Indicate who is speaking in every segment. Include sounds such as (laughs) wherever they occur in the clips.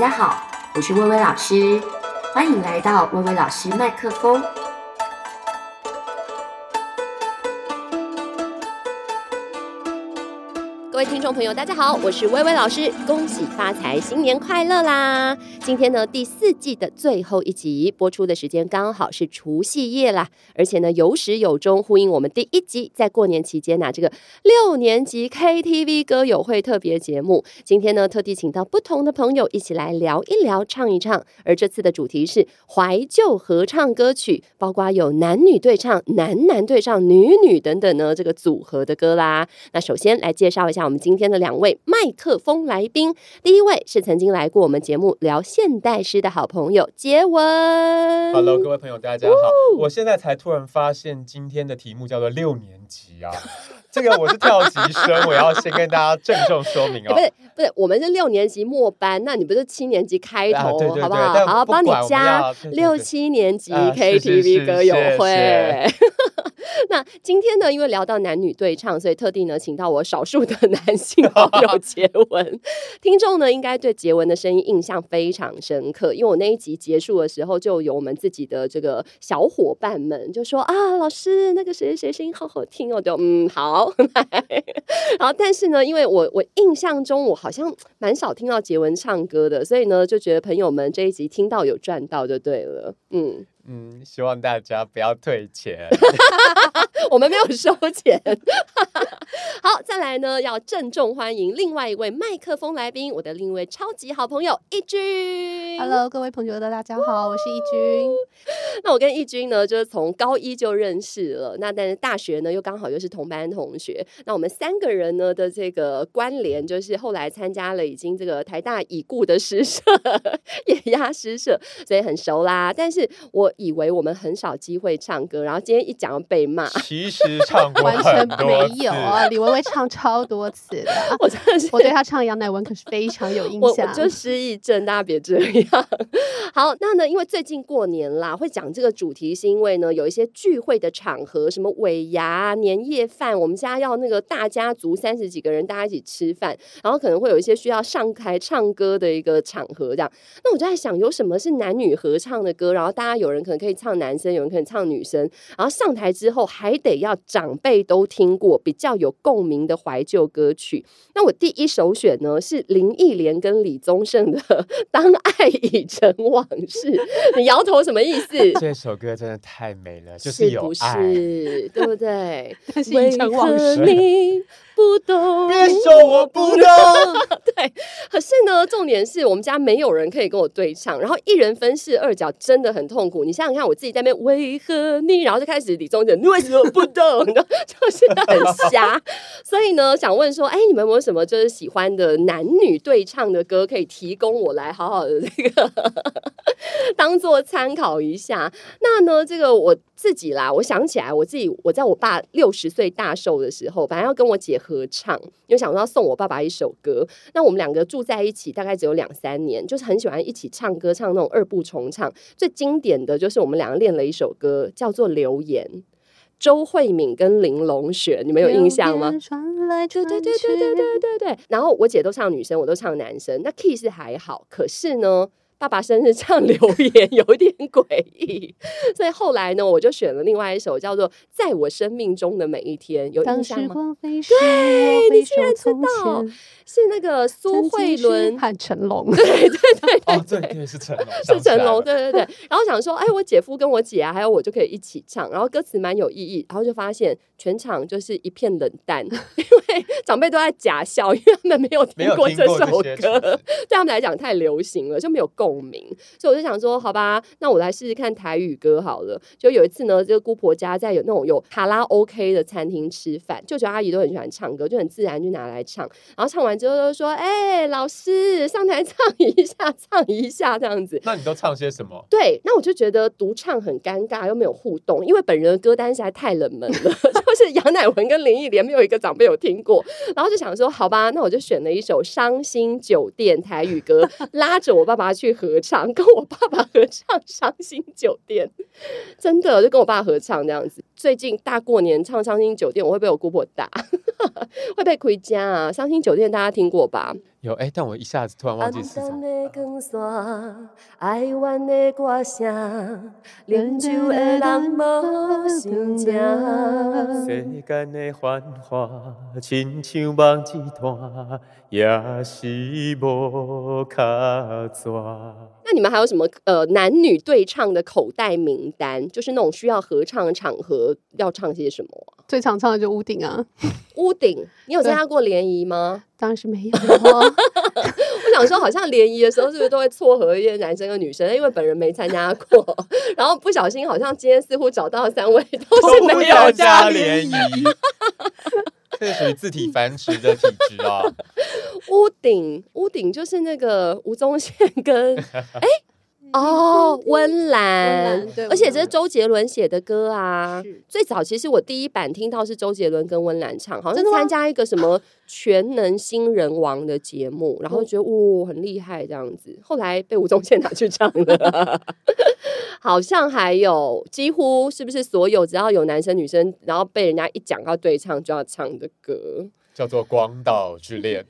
Speaker 1: 大家好，我是薇薇老師，歡迎來到薇薇老師麥克風。各位聽眾朋友，大家好，我是薇薇老師，恭喜發財，新年快樂啦！今天呢，第四季的最後一集播出的時間剛好是除夕夜啦，而且呢，有始有終，呼應我們第一集在過年期間呢、啊、這個六年級 KTV 歌友會特別節目。今天呢特地請到不同的朋友一起來聊一聊、唱一唱，而這次的主題是懷舊合唱歌曲，包括有男女對唱、男男對唱、女女等等呢，這個組合的歌啦。那首先來介紹一下我們今天的兩位麥克風來賓，第一位是曾經來過我們節目聊。現代詩的好朋友，傑文。
Speaker 2: Hello，各位朋友，大家好。Woo! 我現在才突然發現，今天的題目叫做六年級。 (laughs) 這個我是跳級生， (laughs) 我要先跟大家鄭重說明哦。欸、
Speaker 1: 不是不是，我們是六年級末班，那你不是七年級開頭、啊、對對對好不好不，好，幫你加六七年級 KTV、啊、是是是歌友會。是是是 (laughs) 那今天呢，因為聊到男女對唱，所以特地呢，請到我少數的男性好友杰文。 (laughs) 聽眾呢，應該對杰文的聲音印象非常深刻，因為我那一集結束的時候，就有我們自己的這個小夥伴們就說啊，老師那個誰誰誰聲音好好聽哦。對。嗯，好， (laughs) 好，但是呢，因為我我印象中我好像蠻少聽到傑文唱歌的，所以呢，就覺得朋友們這一集聽到有賺到就對了，嗯。
Speaker 2: 嗯，希望大家不要退錢。
Speaker 1: (laughs) 我們沒有收錢。 (laughs) 好，再來呢，要鄭重歡迎另外一位麥克風來賓，我的另一位超級好朋友翊君。
Speaker 3: Hello，各位朋友的大家好，哦、我是翊君。
Speaker 1: 那我跟翊君呢，就是從高一就認識了。那但是大學呢，又剛好又是同班同學。那我們三個人呢的這個關聯，就是後來參加了已經這個台大已故的詩社野鴨詩社，所以很熟啦。但是我。以為我們很少機會唱歌，然後今天一講要被罵。其實唱歌 (laughs)
Speaker 3: 完全沒有啊，李薇薇唱超多次我真的。我，是我對她唱《楊乃文》可是非常有印象。我，我就失憶症，大家別這樣。好，那呢？因為最近過
Speaker 1: 年啦，會講這個主題，是因為呢有一些聚會的場合，什麼尾牙、年夜飯，我們家要那個大家族三十幾個人，大家一起吃飯，然後可能會有一些需要上台唱歌的一個場合這樣。那我就在想，有什麼是男女合唱的歌，然後大家有人。可能可以唱男生，有人可能唱女生，然後上台之後還得要長輩都聽過比較有共鳴的懷舊歌曲。那我第一首選呢是林憶蓮跟李宗盛的《當愛已成往事》， (laughs) 你搖頭什麼意思？這
Speaker 2: 首歌真的太美了，就是有愛，是不是
Speaker 1: (laughs) 對不對？ (laughs) 是愛已成往事。 (laughs) 不懂，別說我不懂。 (laughs) 對，可是呢，重點是我們家沒有人可以跟我對唱，然後一人分飾二角真的很痛苦。你想想看，我自己在那邊，為何你？然後就開始李宗盛，你為什麼不懂？你知道，就是很瞎，所以呢，想問說，哎，你們有沒有什麼就是喜歡的男女對唱的歌，可以提供我來好好的這個 (laughs) 當做參考一下？那呢，這個我。自己啦，我想起來，我自己我在我爸六十歲大壽的時候，反正要跟我姐合唱，因為想到送我爸爸一首歌。那我們兩個住在一起，大概只有兩三年，就是很喜歡一起唱歌，唱那種二部重唱。最經典的就是我們兩個練了一首歌，叫做《流言》，周慧敏跟林隆璇，你們有印象嗎？傳來傳對，對對對對對對對對。然後我姐都唱女生，我都唱男生。那 key 是還好，可是呢，爸爸生日唱留言，有點詭異，所以後來呢，我就選了另外一首叫做《在我生命中的每一
Speaker 3: 天》，有印象
Speaker 1: 嗎？對，你居然知道是那個蘇慧倫和
Speaker 3: 成龍，對對，對對對，哦，對，是成龍，是成龍，
Speaker 1: 對對對。然後想說，哎，我姐夫跟我姐啊，還有我就可以一起唱。然後歌詞蠻有意義，然後就發現全場就是一片冷淡，因為長輩都在假笑，因為他們沒有聽過這首歌，對他們來講太流行了，就沒有共。聰明，所以我就想說，好吧，那我來試試看台語歌好了。就有一次呢，這個姑婆家在有那種有卡拉 OK 的餐廳吃飯，舅舅、阿姨都很喜歡唱歌，就很自然就拿來唱。然後唱完之後都說：“哎、欸，老師上台唱一下，唱一下這樣子。”那你都唱些什麼？對，那我就覺得獨唱很尷尬，又沒有互動，因為本人的歌單實在太冷門了， (laughs) 就是楊乃文跟林憶蓮沒有一個長輩有聽過。然後就想說，好吧，那我就選了一首《傷心酒店》台語歌， (laughs) 拉着我爸爸去。合唱，跟我爸爸合唱《傷心酒店》，真的就跟我爸爸合唱這樣子。最近大過年唱《傷心酒店》，我會被我姑婆打，呵呵會被開家啊！《傷心酒店》大家聽過吧？
Speaker 2: 有哎、欸，但我一下子突
Speaker 1: 然忘記是
Speaker 2: 什麼。人也是卡
Speaker 1: 那，你們還有什麼呃男女對唱的口袋名單？就是那種需要合唱的場合要唱些什麼，啊？
Speaker 3: 最常唱的就是屋頂啊，
Speaker 1: 屋頂。
Speaker 3: 你有參加過聯誼嗎？當然是沒有，哦。
Speaker 1: (laughs) 我想說，好像聯誼的時候是不是都會撮合一些男生跟女生？因為本人沒參加過，然後不小心好像今天似乎找到三位，都是沒有加聯
Speaker 2: 誼。 (laughs) 這是屬於自體繁殖的體質哦、啊 (laughs) 。
Speaker 1: 屋頂，屋頂就是那個吳宗憲跟哎。 (laughs) 欸哦，溫嵐，而且這是周杰倫寫的歌啊。最早其實我第一版聽到是周杰倫跟溫嵐唱，好像是參加一個什麼全能新人王的節目的，然後覺得哇、哦哦，很厲害這樣子。後來被吳宗憲拿去唱了。 (laughs) (laughs) 好像還有幾乎是不是所有只要有男生女生，然後被人家一講到對唱就要唱的歌，叫做廣島《廣島之戀》。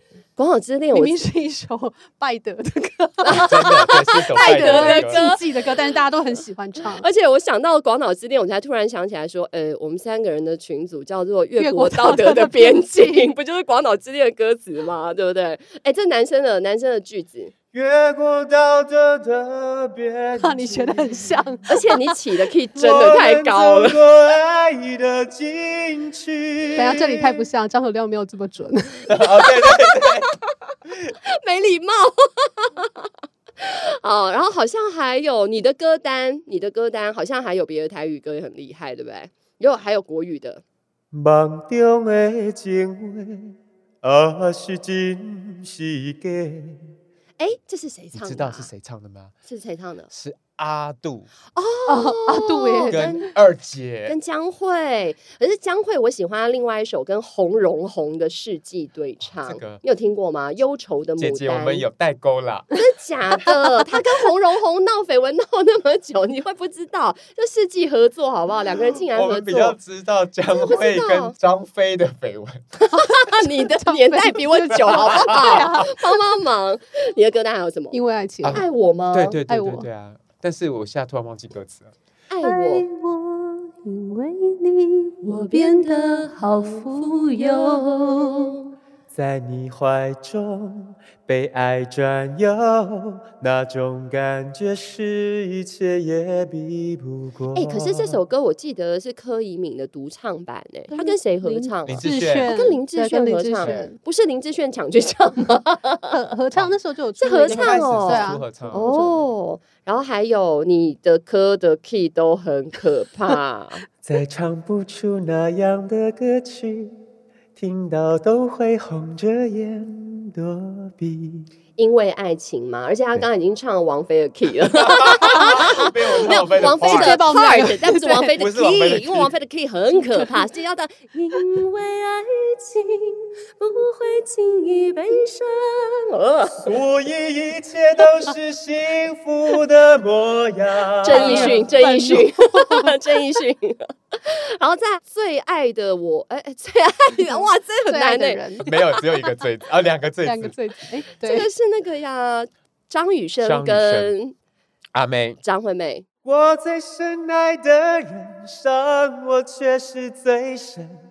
Speaker 3: 廣島之戀明明是一首拜德的歌， (laughs) 啊、的
Speaker 1: 拜德的歌，
Speaker 3: 自 (laughs) 的歌，但是大家都很喜歡唱。
Speaker 1: (laughs) 而且我想到廣島之戀，我才突然想起來說，呃、欸，我們三個人的群組叫做《越過道德的邊境》邊境， (laughs) 不就是廣島之戀的歌詞嗎？對不對？哎、欸，這男生的男生的句子，越過道德的邊境，啊，你學的很像， (laughs) (laughs) 而且你起的 key 真的太高了。
Speaker 3: 等 (laughs) 下，哎，這裡太不像，張洪量沒有這麼準。 (laughs) (laughs) oh, 對，對對對。
Speaker 1: (laughs) 沒禮禮貌， (laughs) 啊！然後好像還有你的歌單，你的歌單好像還有別的台語歌也很厲害，對不對？然後還有國語的。
Speaker 2: 夢中的情話，啊，是真是假？哎、
Speaker 1: 欸，這是誰唱的、啊？的？你知道
Speaker 2: 是誰唱的嗎？
Speaker 1: 是誰唱的？
Speaker 2: 是。阿杜哦，
Speaker 1: 阿杜也跟
Speaker 2: 二姐跟
Speaker 1: 江蕙，可是江蕙，我喜歡另外一首跟洪榮宏，宏的世紀對唱，這個、你有聽過嗎？憂愁的牡丹，姐姐，我們有
Speaker 2: 代溝了，真
Speaker 1: (laughs) 的假的？他跟洪榮宏鬧緋聞鬧，鬧，鬧那麼久， (laughs) 你會不知道？就世紀合作好不好？兩個人竟然合作，我比較
Speaker 2: 知道江蕙跟張菲的緋聞，
Speaker 3: (laughs) 你的年代比我久好不好？
Speaker 1: 幫 (laughs) 幫、 (laughs) 啊、忙，你的歌單還有什麼？因為愛情愛我嗎？對對對，對，對，對，
Speaker 2: 對、啊，愛我對啊。但是我現在突然忘記歌詞
Speaker 3: 了。愛我。愛我，因為你，我變得好富有。
Speaker 2: 在你懷中被愛佔有，那種感覺是一切也比不過。欸、可是這首
Speaker 1: 歌我記得是柯以敏的獨唱版、欸，哎，她跟誰合唱、啊林？林志炫，啊跟林志炫，跟林志炫合唱，不是林志炫搶去唱嗎？合唱
Speaker 3: 那時候就有合唱哦，唱
Speaker 1: 對啊，哦。然後還有你的歌的 key 都很可怕，
Speaker 2: 再 (laughs) 唱不出那樣的歌曲。聽到都會紅着眼躲避。
Speaker 1: 因為愛情嘛，而且他剛剛已經唱王菲的 Key 了，哈 (laughs) 沒有王菲的 Part，但、啊、不是王菲的 Key，因為王菲的，的 Key 很可怕，這丫
Speaker 3: 的， (laughs) 因為愛情不會輕易悲傷、
Speaker 1: 哦，所以一
Speaker 3: 切都是幸福
Speaker 1: 的模樣。鄭 (laughs) 奕迅，鄭奕迅，鄭 (laughs) 奕迅。然後在最愛的我，哎哎，最愛的，哇，這個很難人，人。沒有只有一個
Speaker 2: 最，啊，兩個最，兩個
Speaker 1: 最，哎，對這個是。是那個呀，張雨生跟阿妹張惠、啊、妹，妹。我我，最深愛的人傷我，卻是最深。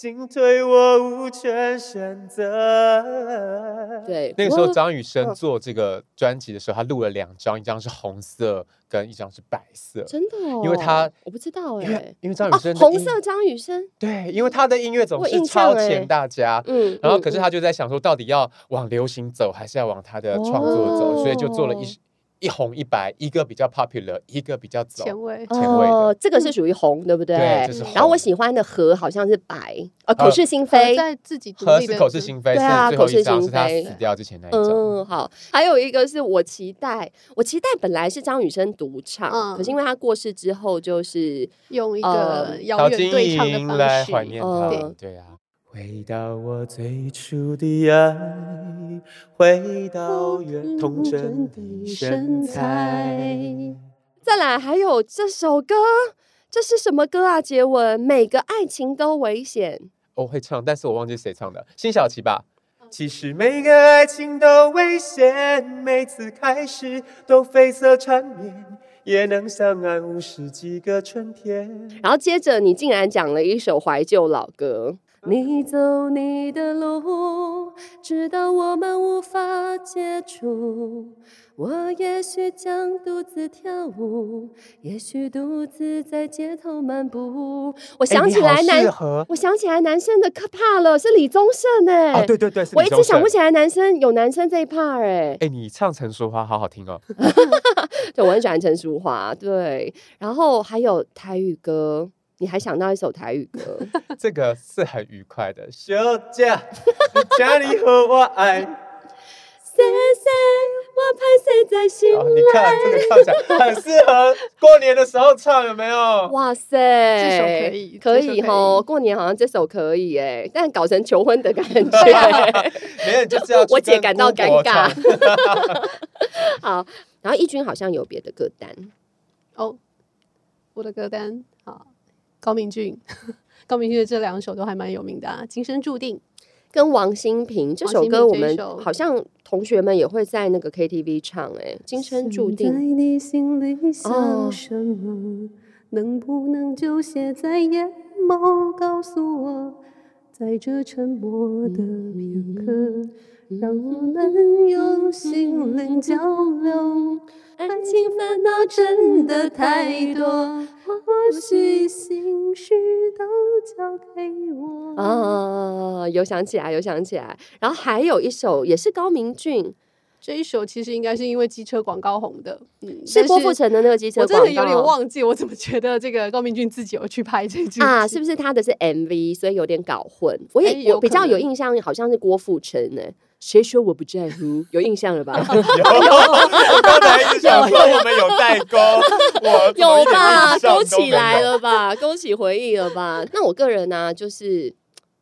Speaker 2: 進退我無權選擇。對，那個時候張雨生做這個專輯的時候，他錄了兩張，一張是紅色，跟一張是白色。
Speaker 1: 真的哦，因為他我不知道哎、欸，因為張雨生、啊、紅色張雨生
Speaker 2: 對，因為他的音樂總是超前大家、欸嗯，然後可是他就在想說，到底要往流行走，還是要往他的創作走、哦，所以就做了一。一紅一白，一個比較 popular，一個比較走
Speaker 1: 前衛。
Speaker 3: 哦，oh, 這個是屬於紅、嗯，對不對，對，就是嗯，然
Speaker 1: 後我喜歡的和好像是白，呃、啊啊，口是心非，在自己
Speaker 2: 獨立的。是口是心非，對啊，口是心非。他死掉之前那
Speaker 1: 嗯，好，還有一個是我期待，我期待本來是張雨生獨唱、嗯，可是因為他過世之後，就是、嗯嗯、用一個遙遠對唱的方式來懷念他、嗯。
Speaker 2: 對啊。回到我最初的愛，回到圓童真的身材。
Speaker 1: 再來，還有這首歌，這是什麼歌啊？傑文，每個愛情都危險。
Speaker 2: 我、哦、會唱，但是我忘記誰唱的，辛曉琪吧、嗯。其實每個愛情都危險，每次開始都悱惻纏綿，也能相愛五十幾個春天。
Speaker 1: 然後接着，你竟然講了一首懷舊老歌。你走你的路，直到我們無法接觸。我也許將獨自跳舞，也許獨自在街頭漫步。欸、我想起來男，我想起來男生的可怕了，是李宗盛誒、欸啊。對對
Speaker 3: 對，我一直想不起
Speaker 1: 來男生有男生這一 part 誒、欸。哎、
Speaker 2: 欸，你唱陳淑樺好好聽哦。 (laughs) 對，
Speaker 1: 我很喜歡陳淑樺。對，然後還有台語歌。你還想到一首台語歌？
Speaker 2: (laughs) 這個是很愉快的。小姐，你家裡和我愛，
Speaker 1: 謝謝，我拍誰在心內。你看，這個很適
Speaker 2: 合過年的時候唱，有沒有？哇塞，這首可以，可以哦。過
Speaker 1: 年好像這首可以哎、欸，但搞成求婚的感覺、欸，
Speaker 3: (laughs) (laughs) 沒人就是要我姐感到尷尬。
Speaker 1: (laughs) (laughs) 好，然後翊君好像有別的歌單
Speaker 3: 哦，我的歌單。Oh, 我高明駿，高明駿的這兩首都還蠻有名的，啊，《今生注定》
Speaker 1: 跟王馨平這首歌，我們好像同學們也會在那個 KTV 唱，欸。哎，《今生注定》。在
Speaker 3: 你心裡想什麼，能不能就寫在眼眸告訴我，在這沉默的片刻，讓我們用心靈交流。感情煩惱真的太多，或許心事都
Speaker 1: 交給我。啊，有想起來，有想起來。然後還有一首也是高明俊，
Speaker 3: 這一首其實應該是因為機車廣告紅的、嗯是，是郭富城的那個機車廣告。我真的有點忘記，我怎麼覺得這個高明俊自己有去拍這句啊？
Speaker 1: 是不是他的是 MV？所以有點搞混。我也有我比較有印象，好像是郭富城哎、欸。誰說我不在乎？有印象了吧？ (laughs) 有，剛 (laughs) 有 (laughs) 才一直想說我們有代溝，有吧？勾起來了吧？勾 (laughs) 起回憶了吧？ (laughs) 那我個人呢、啊，就是。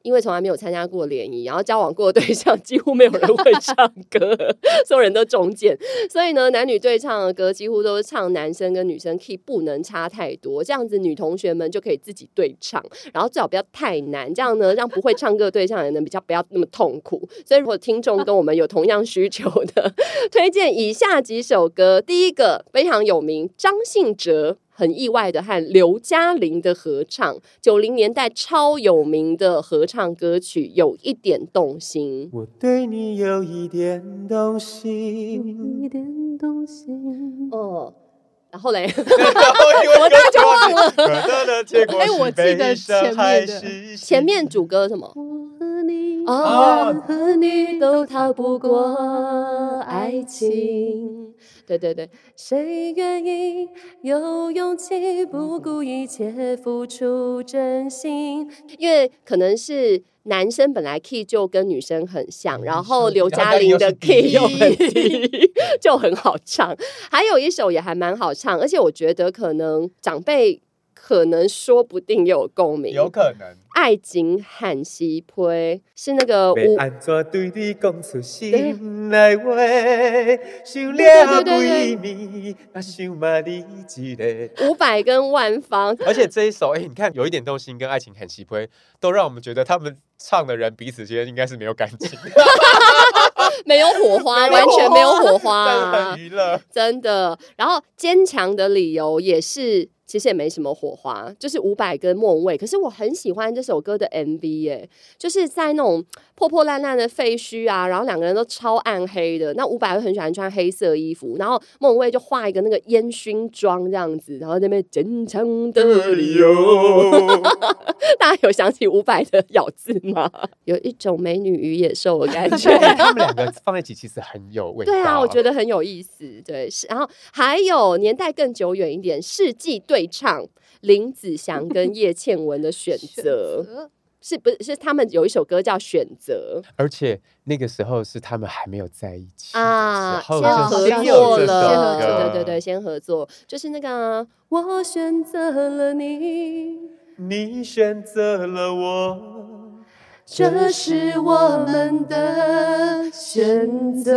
Speaker 1: 因為從來沒有參加過聯誼，然後交往過的對象幾乎沒有人會唱歌， (laughs) 所有人都中箭，所以呢，男女對唱的歌幾乎都是唱男生跟女生，key 不能差太多。這樣子，女同學們就可以自己對唱，然後最好不要太難，這樣呢，讓不會唱歌的對象也能比較不要那麼痛苦。所以，如果聽眾跟我們有同樣需求的，推薦以下幾首歌：第一個非常有名，張信哲。很意外的和劉嘉玲的合唱，九零年代超有名的合唱歌曲，有一點動心。我
Speaker 2: 對你有一點動心。
Speaker 3: 一點動心哦，然後嘞， (laughs) (laughs) 然後我、這個、 (laughs) 就忘了。哎， (laughs) 我記得前面的是
Speaker 1: 前面主歌什麼？我和你，哦哦、和你都逃不過愛情。對對對，誰願意有勇氣不顧一切付出真心？因為可能是男生本來 Key 就跟女生很像，然後劉嘉玲的 Key (laughs) 就很好唱，還有一首也還蠻好唱，而且我覺得可能長輩可能說不定有共鳴，有可能。愛情限時批，是那個，
Speaker 2: 對你出來對
Speaker 1: 對
Speaker 2: 對對對伍
Speaker 1: 佰跟萬芳。而且
Speaker 2: 這一首，哎、欸，你看有一點動心，跟愛情限時批，都讓我們覺得他們唱的人彼此之間應該是沒有感情 (laughs) (laughs) 沒
Speaker 1: 有，沒有火花，完全沒有火花，啊、很娛樂，真的。然後堅強的理由也是。其實也沒什麼火花，就是伍佰跟莫文蔚。可是我很喜歡這首歌的 MV，耶，就是在那種破破爛爛的廢墟啊，然後兩個人都超暗黑的。那伍佰很喜歡穿黑色衣服，然後莫文蔚就化一個那個煙燻妝這樣子，然後在那邊真誠的喲。 (laughs) (laughs) 大家有想起伍佰的咬字嗎？ (laughs) 有一種美女與野獸的感覺。 (laughs) 他們兩個放在一起其實很有味道。 (laughs) 對啊，我覺得很有意思。對，是然後還有年代更久遠一點，世紀對唱林子祥跟葉倩文的選擇， (laughs) 是不是？是他們有一首歌叫《選擇》，
Speaker 2: 而且那個時候是他們還沒有在一
Speaker 1: 起啊，先合作了、就是合。對對對，先合作，就是那個、啊、我
Speaker 3: 選擇了你。
Speaker 2: 你選擇了我，
Speaker 3: 這是我們的選擇。
Speaker 1: 選擇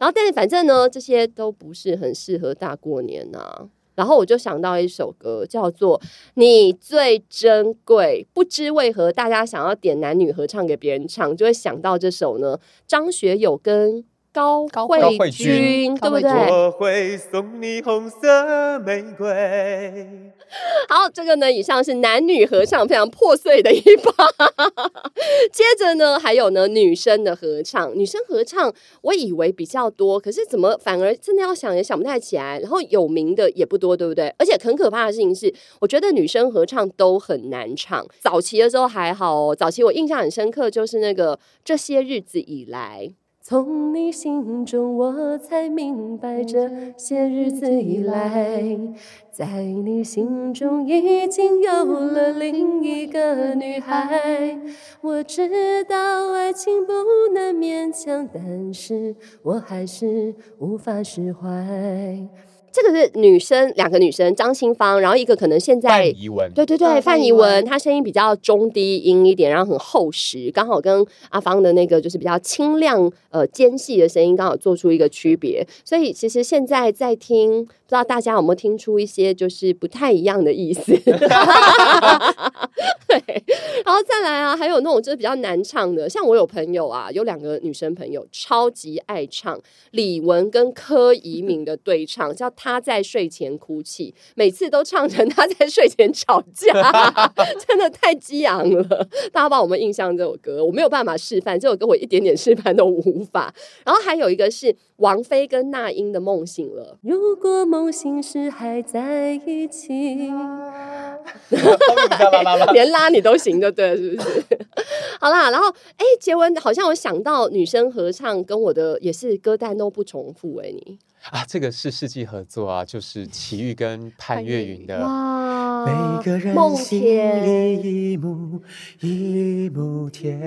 Speaker 1: 然後，但是反正呢，這些都不是很適合大過年啊。然後我就想到一首歌，叫做《你最珍貴》。不知為何，大家想要點男女合唱給別人唱，就會想到這首呢。張學友跟。高，高，慧高慧君，對不對？我
Speaker 2: 會送你紅色玫
Speaker 1: 瑰。好，這個呢，以上是男女合唱非常破碎的一把。 (laughs) 接着呢，還有呢，女生的合唱。女生合唱，我以為比較多，可是怎麼反而真的要想也想不太起來。然後有名的也不多，對不對？而且很可怕的事情是，我覺得女生合唱都很難唱。早期的時候還好哦，早期我印象很深刻，就是那個這些日子以來。從你心中，我才明白，這些日子以來，在你心中已經有了另一個女孩。我知道愛情不能勉強，但是我還是無法釋懷。這個是女生，兩個女生，張清芳，然後一個可能現在范怡文，對對對范，范怡文，她聲音比較中低音一點，然後很厚實，剛好跟阿芳的那個就是比較清亮，呃尖細的聲音剛好做出一個區別。所以其實現在在聽，不知道大家有沒有聽出一些就是不太一樣的意思。 (laughs) (laughs) (laughs) 對，然後再來啊，還有那種就是比較難唱的，像我有朋友啊，有兩個女生朋友超級愛唱李玟跟柯以敏的對唱， (laughs) 叫。他在睡前哭泣，每次都唱成他在睡前吵架， (laughs) 真的太激昂了。大家把我們印象這首歌，我沒有辦法示範，這首歌我一點點示範都無法。然後還有一個是王菲跟那英的《夢醒了》。如果夢醒時還在一起，拉、 (laughs) (laughs) 欸、連拉你都行，的對，是不是？ (laughs) 好啦，然後哎，傑、欸、文，好像我想到女生合唱，跟我的也是歌單都不重複哎、欸，你。
Speaker 2: 啊，這個是世紀合作啊，就是齊豫跟潘越雲的。哇，夢田。每個人心裡一畝一畝田。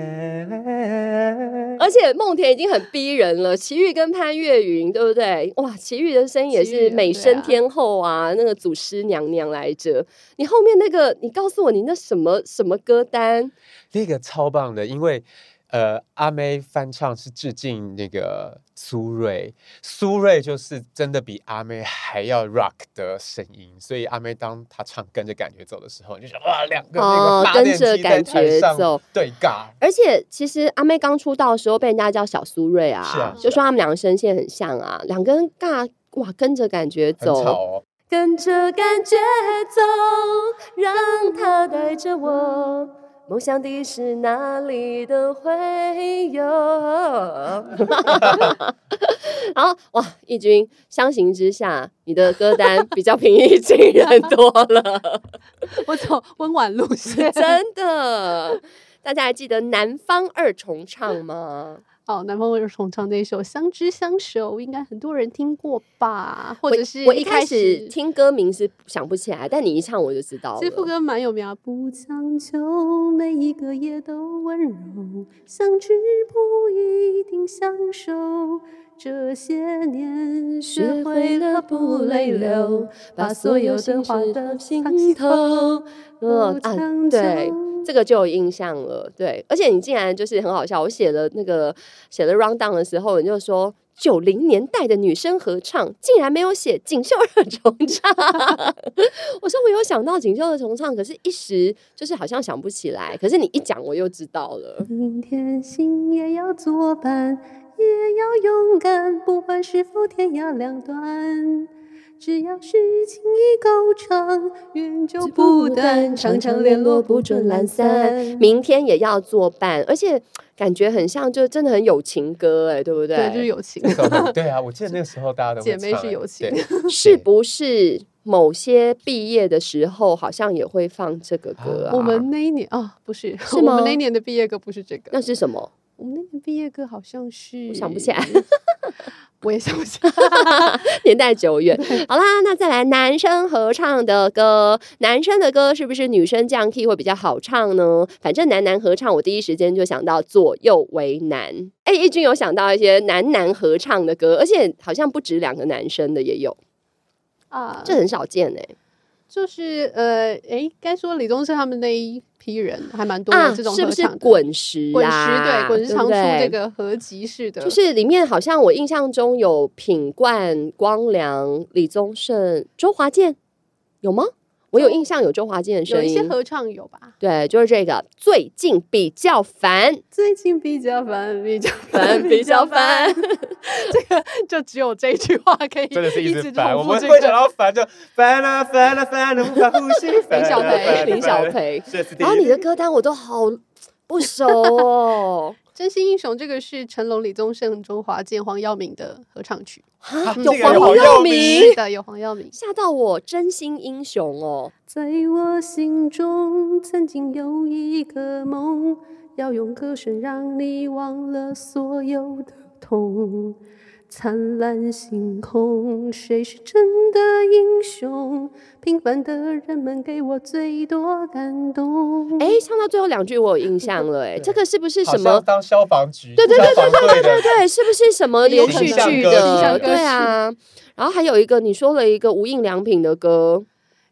Speaker 1: 而且夢田已經很逼人了，齊豫跟潘越雲，對不對？哇，齊豫的聲音也是美聲天後啊,啊，那個祖師娘娘來着。你後面那個，你告訴我你那什麼什麼歌單？
Speaker 2: 那、這個超棒的，因為。呃，阿妹翻唱是致敬那個蘇芮，蘇芮就是真的比阿妹還要 rock 的聲音，所以阿妹當她唱跟着感覺走的時候，你就想哇，兩個那個上跟着感覺走對尬。
Speaker 1: 而且其實阿妹剛出道的時候被人家叫小蘇芮啊，是啊，是啊，就說他們兩個聲線很像啊，兩個人尬，哇，跟着感覺走，哦、跟着感覺走，讓他帶着我。夢想的是哪裡都會有 (laughs) (laughs) 好，然後哇，翊君，相形之下，你的歌單比較平易近人多了。
Speaker 3: (laughs) (laughs) (laughs) (laughs) 我走溫婉路線， (laughs) (laughs) (laughs) 真的。大家還記得南方二重唱嗎？ (laughs) (laughs) 哦，南方二重唱那首《相知相守》，應該很多人聽過吧？或者是我，我一開始聽歌名
Speaker 1: 是想不起來，但你一唱我就知道了。其實副歌
Speaker 3: 蠻有名，嗯。不強求，每一個夜都溫柔。相知不一定相守，這些年學會了不淚流，把所有的心事藏心頭。啊、不強求。嗯啊對
Speaker 1: 這個就有印象了，對，而且你竟然就是很好笑。我寫了那個寫了 round down 的時候，你就說九零年代的女生合唱竟然沒有寫《錦繡二重唱。》 (laughs) 我說我有想到《錦繡二重唱》，可是一時就是好像想不起來。可是你一講，我又知道了。
Speaker 3: 明天星也要作伴，也要勇敢，不管是否天涯兩端。只要是情意夠長，緣就不斷，常常聯絡不准懶散，明
Speaker 1: 天也要作伴。而且感覺很像，就真的很有情歌，欸，哎，對不對？對，就是友
Speaker 2: 情。 (laughs) 對，對啊，我記得那個時候大家都姐妹是友情，
Speaker 1: 是不是？某些畢業的時候好像也會放這個歌，啊啊。我們那一年啊，不是？是嗎？我們那一年的畢業歌不是這個，那是什麼？
Speaker 3: 我們那年畢業歌好像是，我想不起來。 (laughs)
Speaker 1: 我也想不起，年代久遠。 (laughs) 好啦，那再來男生合唱的歌，男生的歌是不是女生降 key 會比較好唱呢？反正男男合唱，我第一時間就想到左右為難。哎、欸，翊君有想到一些男男合唱的歌，而且好像不止兩個男生的也有
Speaker 3: 啊，uh. 這很少見哎、欸。就是呃，誒，該說李宗盛他們那一批人還蠻多的，這種、啊、是不是滾
Speaker 1: 石、啊？滾石對，滾石常出這個
Speaker 3: 合集式的，對對，就是裡面好像
Speaker 1: 我印象中有品冠、光良、李宗盛、周華健，有嗎？我有印象有周華健的聲音，有，有一些合唱有吧？對，就是這個。最近比較煩，
Speaker 3: 最近比較煩，比較煩，比較煩。 (laughs) 比較煩 (laughs) 這個就只有這一句話可以一直重
Speaker 2: 複。最
Speaker 1: 近
Speaker 3: 老煩，就煩了，
Speaker 2: 煩了，煩了不是，是林小培，林小培，然後
Speaker 3: 你的歌單我都好不熟哦。 (laughs) 真心英雄，這個是成龍、李宗盛、周華健、黃耀明的合唱曲，哈，有黃耀明，是的，有黃耀明，嚇到我！真心英雄哦，在我心中曾經有一個夢，要用歌聲讓你忘了所有的痛。燦爛星空，誰是真的英雄？平凡的人們給我最多感動。哎、欸，
Speaker 1: 唱到最後兩句我有印象了、欸，哎， (laughs) 這個是不是什麼
Speaker 2: 當消防局？對對對對對對
Speaker 1: 對，是不是什麼連續劇的？對啊。然後還有一個，你說了一個無印良品的歌，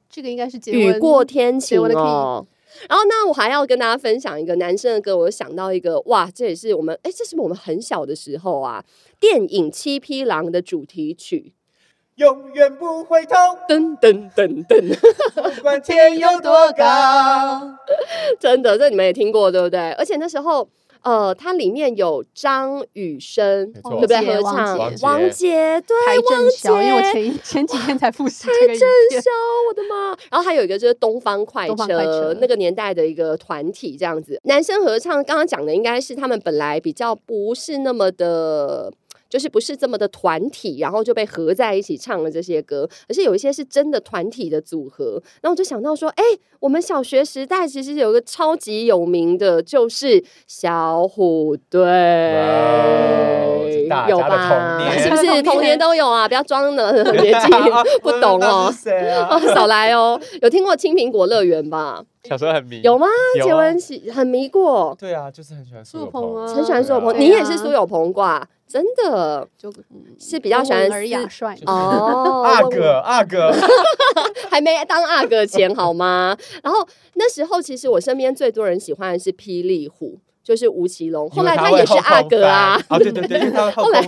Speaker 1: 這個應該是《雨過天晴、喔》哦。然後呢，我還要跟大家分享一個男生的歌，我就想到一個哇，這也是我們哎，這是不是我們很小的時候啊，電影《七匹狼》的主題曲，永遠不回頭，噔噔噔噔噔，不管天有多高， (laughs) 真的，這你們也聽過對不對？而且那時候。呃，它裡面有張雨生對不對合唱？王傑對王傑，因為我前前幾天才複習這個邰正宵，我的媽！然後還有一個就是東方快車，東方快車那個年代的一個團體這樣子，男生合唱。剛剛講的應該是他們本來比較不是那麼的。就是不是這麼的團體，然後就被合在一起唱了這些歌，而是有一些是真的團體的組合。然後我就想到說，哎、欸，我們小學時代其實有個超級有名的，就是小虎隊，有吧？是不是童年，童年都有啊？不要裝了，別聽 (laughs) 不懂哦、啊啊，少來哦。有聽過《青蘋果樂園》吧？小時候
Speaker 2: 很迷，有嗎？傑
Speaker 1: 文喜很迷過，
Speaker 2: 對啊，就是很喜歡蘇有、有朋啊，很喜歡蘇有朋、啊，你也是蘇
Speaker 1: 有朋掛，掛。真的，就、嗯、是比較喜歡而雅帥哦，阿哥阿哥，啊、 (laughs) 還沒當阿、啊、哥前好嗎？ (laughs) 然後那時候其實我身邊最多人喜歡的是霹靂虎，就是吳奇隆，後來他也是阿哥啊、嗯哄哄 (laughs) 哦，對對對， (laughs) 哄哄 (laughs) 後來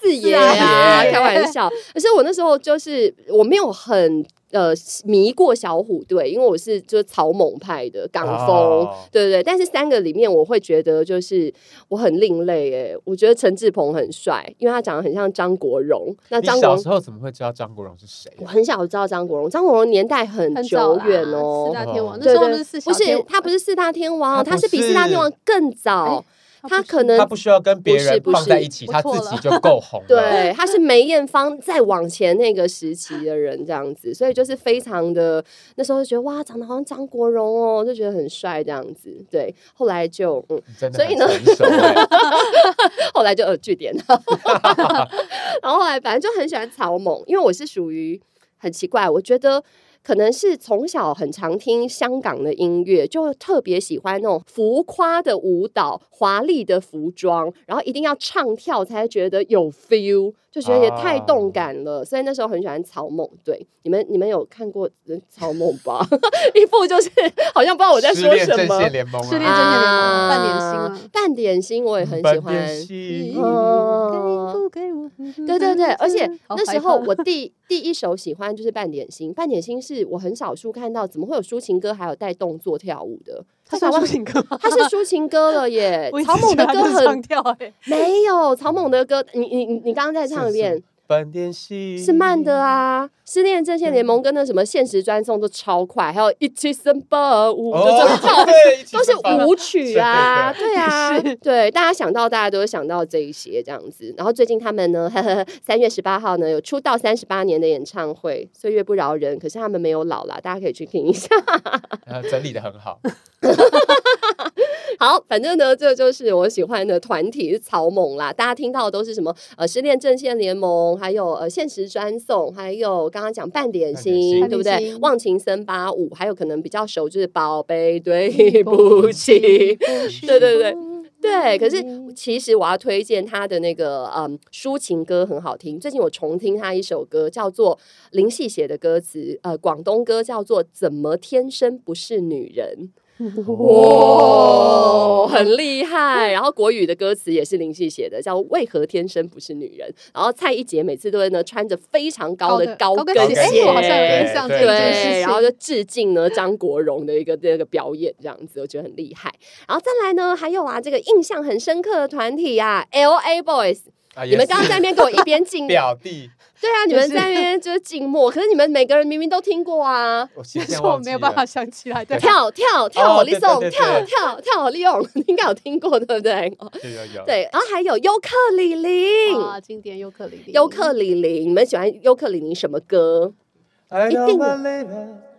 Speaker 1: 四爺、啊啊、 (laughs) 開玩笑， (laughs) 可是我那時候就是我沒有很。呃，迷過小虎隊，因為我是就是草蜢派的港風、哦，對對？但是三個裡面，我會覺得就是我很另類耶、欸。我覺得陳志朋很帥，因為他長得很像張國榮。那張國榮，小
Speaker 2: 時候怎麼會知道張國榮是誰、
Speaker 1: 啊？我很小就知道張國榮，張國榮年代很久遠哦，四大天王那時候不是不是他不是四大天王他，他是比四大天王更早。哎他，他可能他不需要跟別人放在一起，不是不是他自己就
Speaker 2: 夠紅了。了 (laughs) 對，
Speaker 1: 他是梅艷芳再往前那個時期的人，這樣子，所以就是非常的那時候就覺得哇，長得好像張國榮哦，就覺得很帥這樣子。對，後來就嗯真的很熟，所以呢， (laughs) 後來就有句、呃、點。 (laughs) 然後後來反正就很喜歡草蜢，因為我是屬於很奇怪，我覺得。可能是從小很常聽香港的音樂，就特別喜歡那種浮誇的舞蹈、華麗的服裝，然後一定要唱跳才覺得有 feel。就覺得也太動感了，啊，所以那時候很喜歡草蜢。對，你們你們有看過草蜢吧？ (laughs) 一部就是好像不知道我在說什麼。失戀陣線聯盟，啊失戀陣線聯盟啊，半點心，半點心，我也很喜歡。半點
Speaker 3: 心，啊，對對對，而且那時候我第
Speaker 1: 我第一首喜歡就是半點心。半點心是我很少數看到，怎麼會有抒情歌還有帶動作跳舞的？他， (laughs) 他是抒情歌，他是抒情歌了耶。草 (laughs) 蜢、欸、的歌很沒有，草蜢的歌，你你你剛剛再唱一遍。半點是慢的啊！《失戀陣線聯盟》跟那什麼《限時專送》都超快，還有一起生 Ball 舞都是舞曲啊，對，對，對，對啊，對，大家想到大家都會想到這一些這樣子。然後最近他們呢，呵呵，三月十八號呢，有出道三十八年的演唱會，歲月不饒人，可是他們沒有老了，大家可以去聽一下。
Speaker 2: 整理得很好。 (laughs)
Speaker 1: 好，反正呢，這就是我喜歡的團體是草蜢啦。大家聽到的都是什麼？呃，失戀陣線聯盟，還有呃，限時專送，還有剛剛講半點心，點心對不對？忘情森巴舞，還有可能比較熟就是《寶貝對不起》
Speaker 3: 對不對，對對
Speaker 1: 對對。可是其實我要推薦他的那個嗯抒情歌很好聽，最近我重聽他一首歌叫做林夕寫的歌詞，呃，廣東歌叫做《怎麼天生不是女人》。哇、哦哦，很厲害！ (laughs) 然後國語的歌詞也是林夕寫的，叫《為何天生不是女人》。然後蔡一杰每次都會呢穿着非常高的高跟鞋，好,鞋、欸、我好像有點像對,對,對,對,對,對,對，然後就致敬呢張國榮的一個這個表演，這樣子我覺得很厲害。 (laughs) 然後再來呢，還有啊這個印象很深刻的團體啊 LA Boys。啊、你們剛剛在那邊給我一邊靜默， (laughs) 表弟，對啊，你們在那邊就是靜默。 (laughs) 可是你們每個人明明都聽過啊，只是我沒有辦法想起來。跳跳跳，李送跳跳跳，李榮，應該有聽過對不對？有有有。對，然後還有優客李林啊，經典優客
Speaker 3: 李林，優客李
Speaker 1: 林，你們喜歡優客李林什麼歌？一定。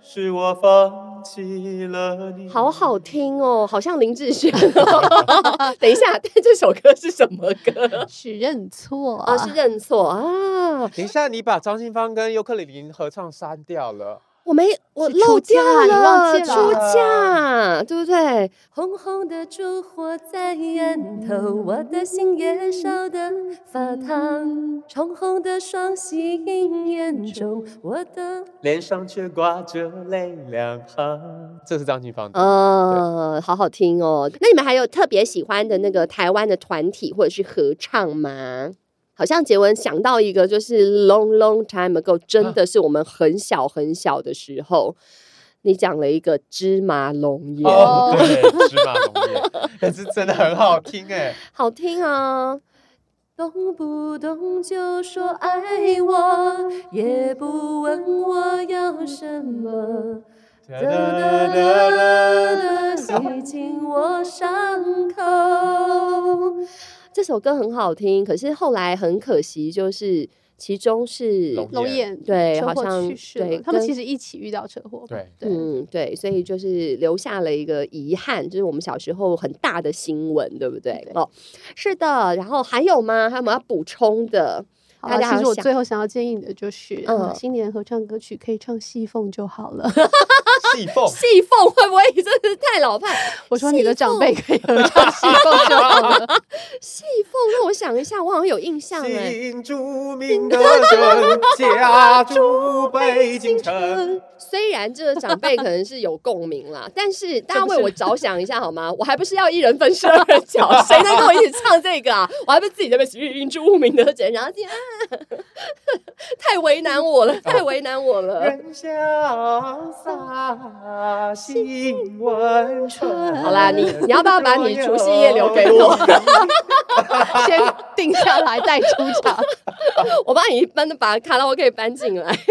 Speaker 2: 是我放棄了你。
Speaker 1: 好好聽哦，好像林志炫。 (laughs) (laughs) 等一下，但這首歌是什麼歌？是認錯啊，啊，是
Speaker 2: 認錯啊。等一下，你把張清芳跟優客李林合唱刪，刪掉了。
Speaker 1: 我沒，我漏掉了出嫁，啊，對不對？紅紅的燭火在眼頭，嗯、我的心也燒得發燙，嗯。紅紅的雙喜映眼，眼，眼中，我的
Speaker 2: 臉上卻掛着淚兩行。這是張清芳的，啊、
Speaker 1: 呃，好好聽哦。那你們還有特別喜歡的那個台灣的團體或者是合唱嗎？好像傑文想到一個就是 long long time ago，真的是我們很小很小的時候，啊、你講了一個芝麻龍眼，哦、對，芝麻
Speaker 3: 龍
Speaker 2: 眼，那 (laughs) 是真的很好聽哎，
Speaker 1: 好聽啊、哦，動不動就說愛我，也不問我要什
Speaker 3: 麼，噠噠噠噠，刺進我傷口。
Speaker 1: 啊這首歌很好聽，可是後來很可惜，就是其中是龍眼，對，好像車禍去世了，對，他們其實一
Speaker 3: 起遇到車禍，
Speaker 1: 對，對，嗯，對，所以就是留下了一個遺憾，就是我們小時候很大的新聞，對不對？哦，oh, 是的，然後還有嗎？他們要補充
Speaker 3: 的。啊、其實我最後想要建議你的就是，呃、嗯、新年合唱歌曲可以唱《戲鳳》就好
Speaker 1: 了。戲鳳，戲鳳，會不會你真的是太老派？我說你的長輩可以合唱《戲鳳》就好了。戲鳳，讓 (laughs) 我想一下，我好像有印象了。姓朱名德正， (laughs) 家住北京城。雖然這個長輩可能是有共鳴啦， (laughs) 但是大家為我着想一下好嗎？我還不是要一人分飾二角， (laughs) 誰能跟我一起唱這個啊？我還不是自己在背《姓朱名德正》，然後天。 (laughs) 太為難我了，太為難我了。人瀟灑，心溫存 (laughs) 好啦，你你要不要把你除夕夜留給我？ (laughs) (laughs) 先定下來再出場。 (laughs) (laughs) 我幫你搬的，把卡拉 OK 搬進來。 (laughs)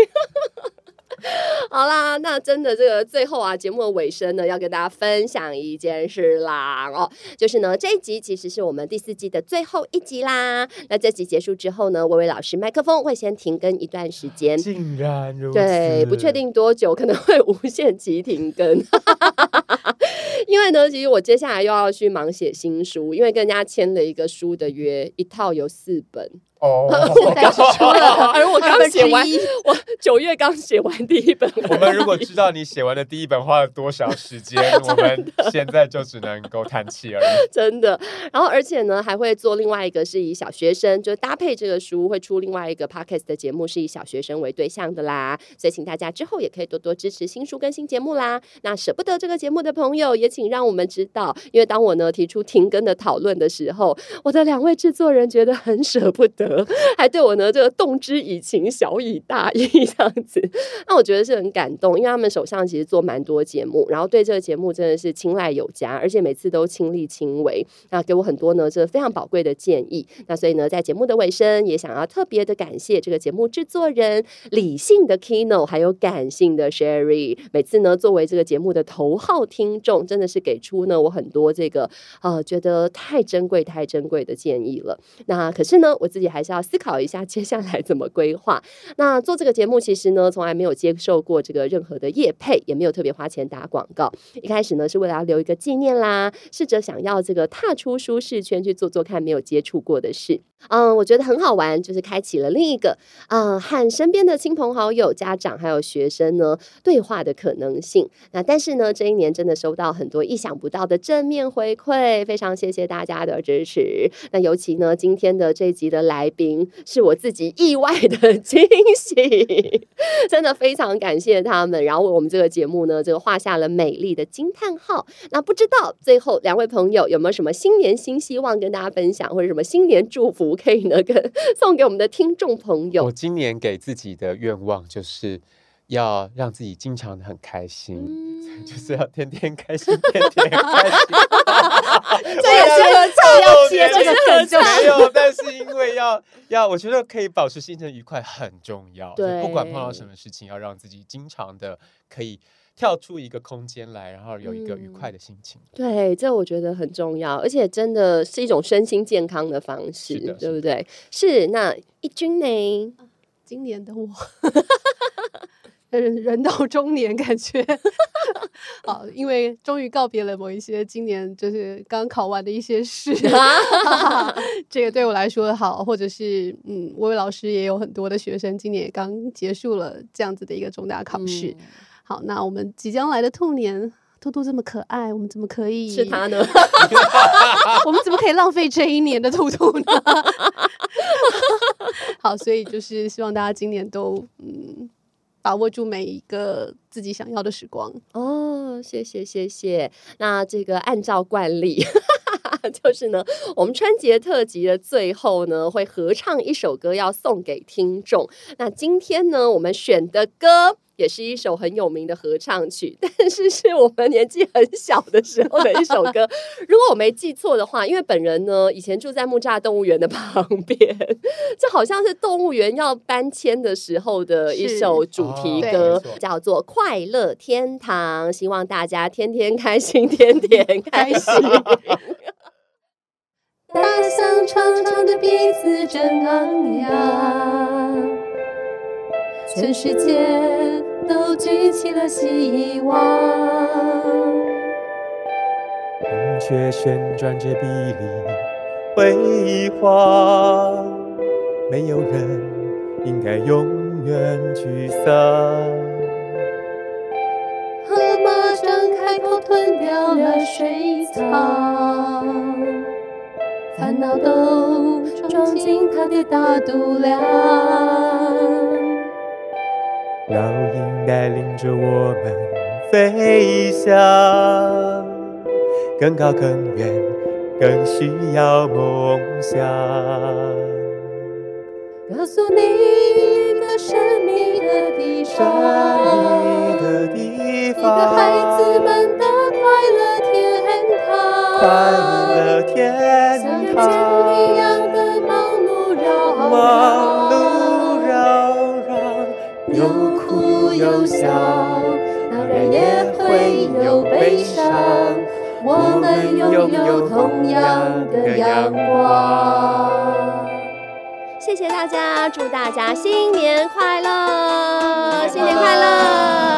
Speaker 1: 好啦，那真的這個最後啊，節目的尾聲呢，要跟大家分享一件事啦哦，oh, 就是呢，這一集其實是我們第四季的最後一集啦。那這集結束之後呢，薇薇老師麥克風會先停更一段時間，竟然如此。對，不確定多久，可能會無限期停更， (laughs) 因為呢，其實我接下來又要去忙寫新書，因為跟人家簽了一個書的約，一套有四本。
Speaker 3: Oh, (laughs) 現在是哦，我剛，而我剛寫完，
Speaker 1: (laughs) 我九月剛寫完第一本。 (laughs) (laughs) 我
Speaker 2: 們如果知道你寫完的第一本花了多少時間， (laughs) 我們現在就只能夠嘆氣而已。
Speaker 1: (laughs) 真的，然後而且呢，還會做另外一個是以小學生就搭配這個書，會出另外一個 podcast 的節目，是以小學生為對象的啦。所以請大家之後也可以多多支持新書跟新節目啦。那捨不得這個節目的朋友，也請讓我們知道，因為當我呢提出停更的討論的時候，我的兩位製作人覺得很捨不得。還對我呢，這個動之以情，曉以大義這樣子。那我覺得是很感動，因為他們手上其實做蠻多節目，然後對這個節目真的是青睞有加，而且每次都親力親為。那給我很多呢，這個、非常寶貴的建議。那所以呢，在節目的尾聲，也想要特別的感謝這個節目製作人理性的 Kino，還有感性的 Sherry。每次呢，作為這個節目的頭號聽眾，真的是給出呢我很多這個呃，覺得太珍貴、太珍貴的建議了。那可是呢，我自己還。還是要思考一下接下來怎麼規劃。那做這個節目，其實呢，從來沒有接受過這個任何的業配，也沒有特別花錢打廣告。一開始呢，是為了要留一個紀念啦，試着想要這個踏出舒適圈去做做看沒有接觸過的事。嗯，我覺得很好玩，就是開啟了另一個啊、嗯，和身邊的親朋好友、家長還有學生呢對話的可能性。那但是呢，這一年真的收到很多意想不到的正面回饋，非常謝謝大家的支持。那尤其呢，今天的這一集的來。是我自己意外的驚喜，真的非常感謝他們，然後為我們這個節目呢，就畫下了美麗的驚嘆號。那不知道最後兩位朋友有沒有什麼新年新希望跟大家分享，或者什麼新年祝福可以呢，跟送給我們的聽眾朋友。我
Speaker 2: 今年給自己的願望就是。要讓自己經常的很開心，嗯、就是要天天開心， (laughs) 天天開心。這 (laughs) 也 (laughs) 是一個挑戰，這 (laughs) 個很殘酷。 (laughs) 但是因為要要，我覺得可以保持心情愉快很重要。對，不管碰到什麼事情，要讓自己經常的可以跳出一個空間來，然後有一個愉快的心情、
Speaker 1: 嗯。對，這我覺得很重要，而且真的是一種身心健康的方式，對不對？是。那
Speaker 3: 翊君呢？今年的我。 (laughs) 人人到中年，感覺 (laughs) 好，因為終於告別了某一些今年就是剛考完的一些事。 (laughs) (laughs) 這個對我來說好，或者是嗯，薇薇老師也有很多的學生今年也剛結束了這樣子的一個重大考試、嗯。好，那我們即將來的兔年，兔兔這麼可愛，我們怎麼可以吃它呢？ (laughs) (laughs) 我們怎麼可以浪費這一年的兔兔呢？ (laughs) 好，所以就是希望大家今年都嗯。把握住每一個自己想要的時光哦，謝謝謝謝。那這個按照慣例。
Speaker 1: (laughs) (laughs) 就是呢，我們春節特輯的最後呢，會合唱一首歌，要送給聽眾。那今天呢，我們選的歌也是一首很有名的合唱曲，但是是我們年紀很小的時候的一首歌。 (laughs) 如果我沒記錯的話，因為本人呢以前住在木柵動物園的旁邊，就好像是動物園要搬遷的時候的一首主題歌，哦、叫做《快樂天堂》。希望大家天天開心，天天開心。 (laughs) 開心 (laughs)
Speaker 3: 大象長長的鼻子正昂揚，全世界都舉起了希望。
Speaker 2: 孔雀旋轉着碧綠的輝煌，沒有人應該永遠沮喪。
Speaker 3: 河馬張開口吞掉了水草。煩惱都
Speaker 1: 裝進他的大肚
Speaker 3: 量，
Speaker 2: 老鷹帶領着我們飛翔，更高更遠，更需要夢想。
Speaker 3: 告訴你一個神秘的地方，一個孩子們的快樂。
Speaker 2: 歡樂天堂，像螞蟻一樣的忙碌繞繞，忙碌擾攘，又哭又笑，當然也會有悲傷。我們擁有同樣的陽光。
Speaker 1: 謝謝大家，祝大家新年快樂，新年快樂。